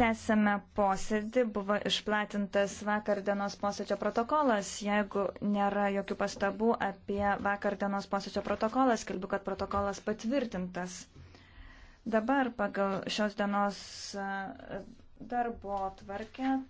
Tęsėme posėdį, buvo išplatintas vakar dienos posėdžio protokolas. Jeigu nėra jokių pastabų apie vakar dienos posėdžio protokolą, skelbiu, kad protokolas patvirtintas. Dabar pagal šios dienos e, darbo tvarkę.